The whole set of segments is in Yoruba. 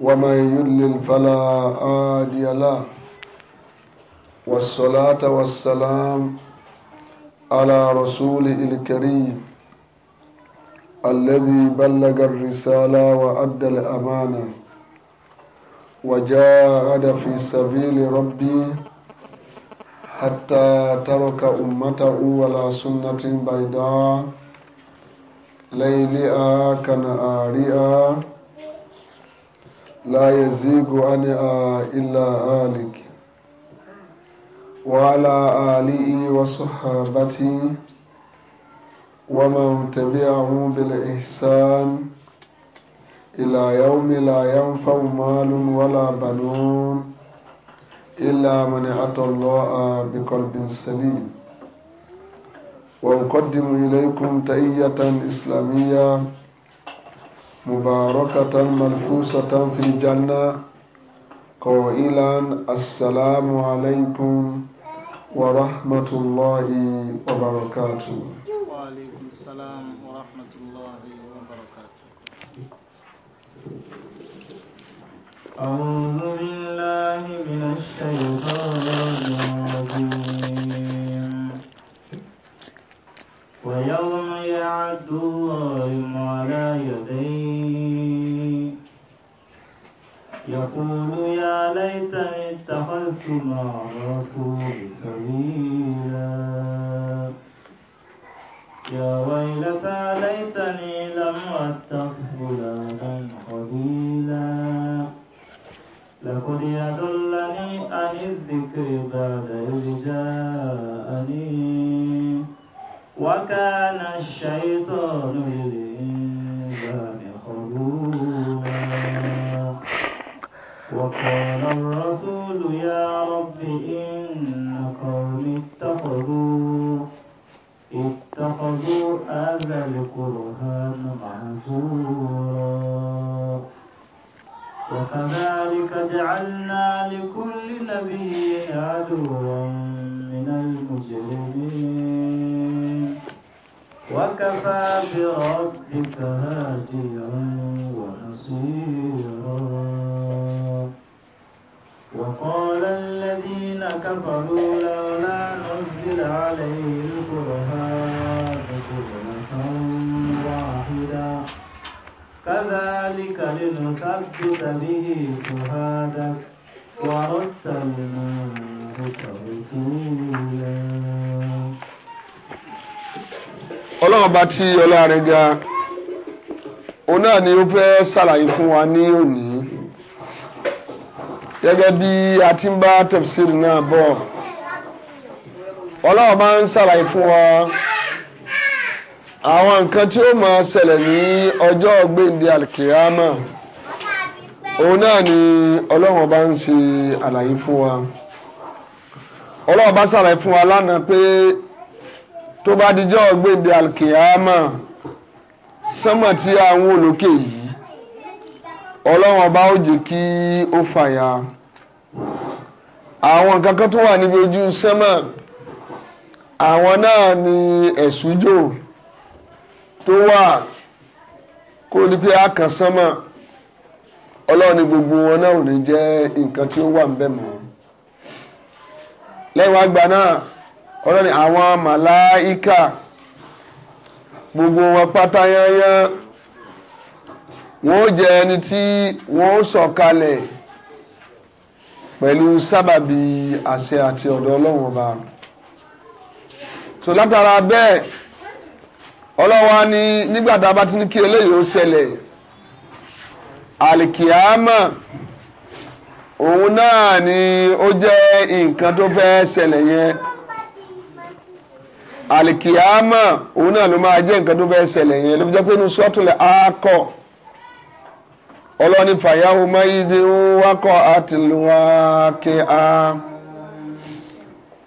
ومن يضلل فلا هادي له والصلاة والسلام على رسوله الكريم الذي بلغ الرسالة وأدى الأمانة وجاهد في سبيل ربي حتى ترك أمته على سنة بيضاء ليلها كنهارها لا يزيغ عنها إلا هالك وعلى آله وصحابته ومن تبعهم بالإحسان إلى يوم لا ينفع مال ولا بنون إلا من أتى الله بقلب سليم وأقدم إليكم تحية إسلامية مباركة ملفوسة في الجنة قائلا السلام عليكم ورحمة الله وبركاته وعليكم السلام ورحمة الله وبركاته يقول يا ليتني اتخذت مع الرسول سبيلا يا ويلتى ليتني لم أتخذ فلانا خليلا لقد يدلني عن الذكر بعد إذ جاءني وكان الشيطان للإنسان خذولا وقال الرسول يا رب إن قومي اتخذوا اتخذوا هذا القرآن معذورا وكذلك جعلنا لكل نبي عدوا من المجرمين وكفى بربك هاديا ونصيرا وقال الذين كفروا لولا نزل عليه القرآن قرة واحدا كذلك لنثبت به فؤادك ورتلناه ترتيلا ọlọ́run bá tí ọlọ́run ga òun náà ni ó fẹ́ ṣàlàyé fún wa ní òní gẹ́gẹ́ bí a ti ń bá tafsir náà bọ̀ ọlọ́run máa ń ṣàlàyé fún wa àwọn nǹkan tí ó máa ṣẹlẹ̀ ní ọjọ́ gbèǹde alkiyama òun náà ni ọlọ́run bá ń ṣe àlàyé fún wa ọlọ́run bá ṣàlàyé fún wa lánàá pé tó bá dijọ́ gbèǹde alkiyama sánmà tí àwọn olókè yìí ọlọ́run ọba ó jẹ́ kí ó fàyà àwọn nǹkan kan tó wà níbi ojú sẹ́mà àwọn náà ni ẹ̀sùjò tó wà kó ní pé àkàn sánmà ọlọ́run ni gbogbo wọn náà ò ní jẹ́ nǹkan tí ó wà ń bẹ̀ mọ́ lẹ́wọ̀n àgbà náà ọlọ́run àwọn màláíkà gbogbo wọn pátá yányán wọ́n jẹ́ ẹni tí wọ́n sọ̀kalẹ̀ pẹ̀lú sábàbí àṣẹ àti ọ̀dọ̀ ọlọ́run ọba so látara bẹ́ẹ̀ ọlọ́wà ni nígbà tá a bá ti ní kí eléyìí ó ṣẹlẹ̀ àlìkìámà òun náà ni ó jẹ́ nǹkan tó fẹ́ ṣẹlẹ̀ yẹn àlìkìámà òun náà ló máa jẹ́ nǹkan tó fẹ́ ṣẹlẹ̀ yẹn ló fi jẹ́ pé inú sọ́tùlẹ̀ àákọ́ ọlọ́ni fàyàwó mayídé wákọ̀ àtìlúwákẹ́ a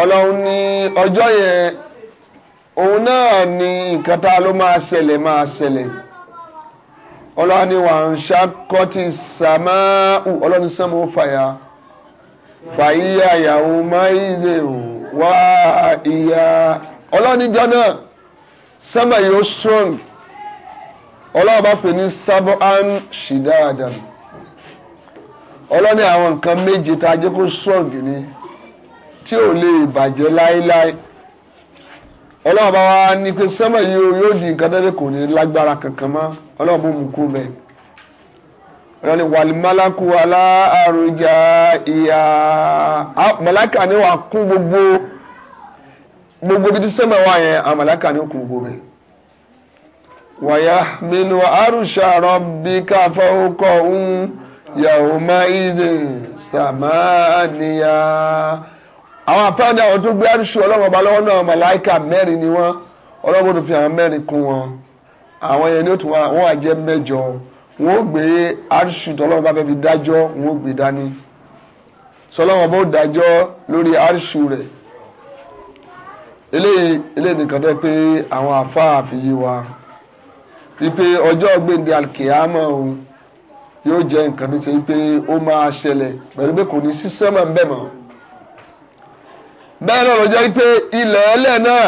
ọlọ́run ní ọjọ́ yẹn òun náà ni nǹkan tá a ló máa ṣẹlẹ̀ máa ṣẹlẹ̀ ọlọ́ni wà ń ṣàkọ́tì sàmáù ọlọ́ni sánmọ́ fàyà fàyíyà yàwó mayídé wá ìyá ọlọ́ni jọ náà sánmọ́ yóò strong ọlọ́run bá pè ní sabuan shidadan ọlọ́ni àwọn nǹkan méje tá a jẹ́ kó sọ̀gì ni tí ò lè bàjẹ́ láéláé ọlọ́run bá wa ní pé sẹ́mọ̀ yìí yóò di nǹkan tẹ́lẹ̀ kò ní lágbára kankan mọ́ ọlọ́run bó mú kú bẹ́ẹ̀ ọlọ́ni wàlímálákù aláàrújà ìyá màláìkà ni wàá kún gbogbo gbogbo bíi tí sẹ́mọ̀ wà yẹn àwọn màláìkà ni ó kún gbogbo bẹ́ẹ̀. ويحمل عرش ربك فوقهم يومئذ ثمانية àwọn àpáàdé àwọn tó gbé àrùsù ọlọ́run ọba lọ́wọ́ náà màláìka mẹ́rin ni wọ́n ọlọ́run tó fi àwọn mẹ́rin kún wọn àwọn yẹn ni ó tún wọ́n àjẹ́ mẹ́jọ wọ́n ó gbé àrùsù tọ́lọ́run bá fẹ́ fi dájọ́ wọ́n ó gbé dání sọlọ́run ọba dájọ́ lórí àrùsù rẹ̀ eléyìí eléyìí nìkan tó pé àwọn àfáà fi yé wa ipe ọjọ́ gbèǹde alkiyama o yóò jẹ́ nǹkan tó ṣe wípé ó máa ṣẹlẹ̀ pẹ̀lú pé kò ní sí sánmà ń bẹ̀ bẹ́ẹ̀ náà ló jẹ́ ilẹ̀ ẹlẹ̀ náà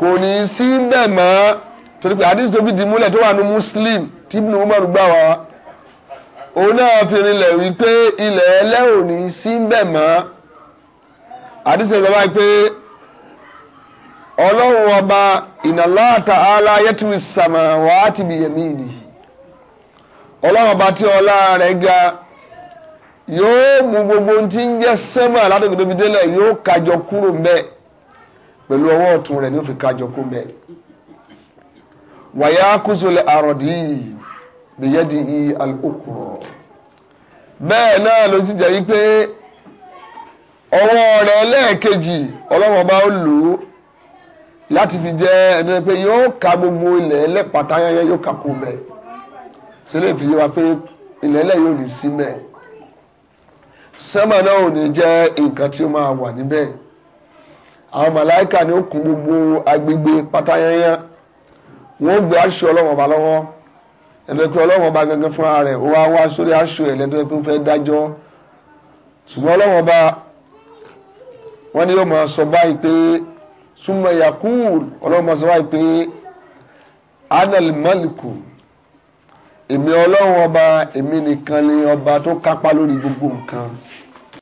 kò ní sí ń mọ́ torí pé àdìsí tó di múlẹ̀ tó wà ní muslim tí Ibn Umar gbà wá òun náà fi rinlẹ̀ wípé ilẹ̀ ẹlẹ́ ò ní sí ń bẹ̀ mọ́ àdìsí tó wà pé ọlọ́run ọba ìnàláàtà aláyẹ́tìwì sàmà wàá ti bìyẹ̀mí nìyí ọlọ́run ọba tí ọlá rẹ̀ ga yóò mú gbogbo tí ń jẹ́ sẹ́mà látòkè tóbi délẹ̀ yóò kájọ kúrò ń bẹ̀ pẹ̀lú ọwọ́ ọ̀tún rẹ̀ ní ó fi kájọ kúrò ń bẹ̀ wàyà kùsùlẹ̀ àròdì bìyẹ́dì i alùkùrọ̀ bẹ́ẹ̀ náà ló sì jẹ́ wípé ọwọ́ rẹ̀ lẹ́ẹ̀kejì ọlọ́run ọba ó lò ó láti fi jẹ́ ẹni pé yóò ka gbogbo ilẹ̀ ẹlẹ́ pátáyányá yóò kà kó bẹ́ẹ̀ ṣe lè fi yé wa pé ilẹ̀ ẹlẹ́ yóò ní sí bẹ́ẹ̀ sẹ́mà náà ò ní jẹ́ nǹkan tí ó máa wà níbẹ̀ àwọn màláìkà ni ó kún gbogbo agbègbè pátáyányá wọ́n gbé aṣọ ọlọ́wọ́ ọba lọ́wọ́ ẹlẹ́pẹ́ ọlọ́wọ́ ọba gangan fúnra rẹ̀ ó wá wá sórí aṣọ ẹ̀lẹ́tọ́ pé fẹ́ dájọ́ ṣùgbọ́n ọlọ́wọ́ ọba wọ́n ní yóò máa sọ báyìí pé Suma yakul ọlọ́run máa sọ wáyé pé anal maliku èmi ọlọ́run ọba èmi nìkan ni ọba tó kápá lórí gbogbo nǹkan.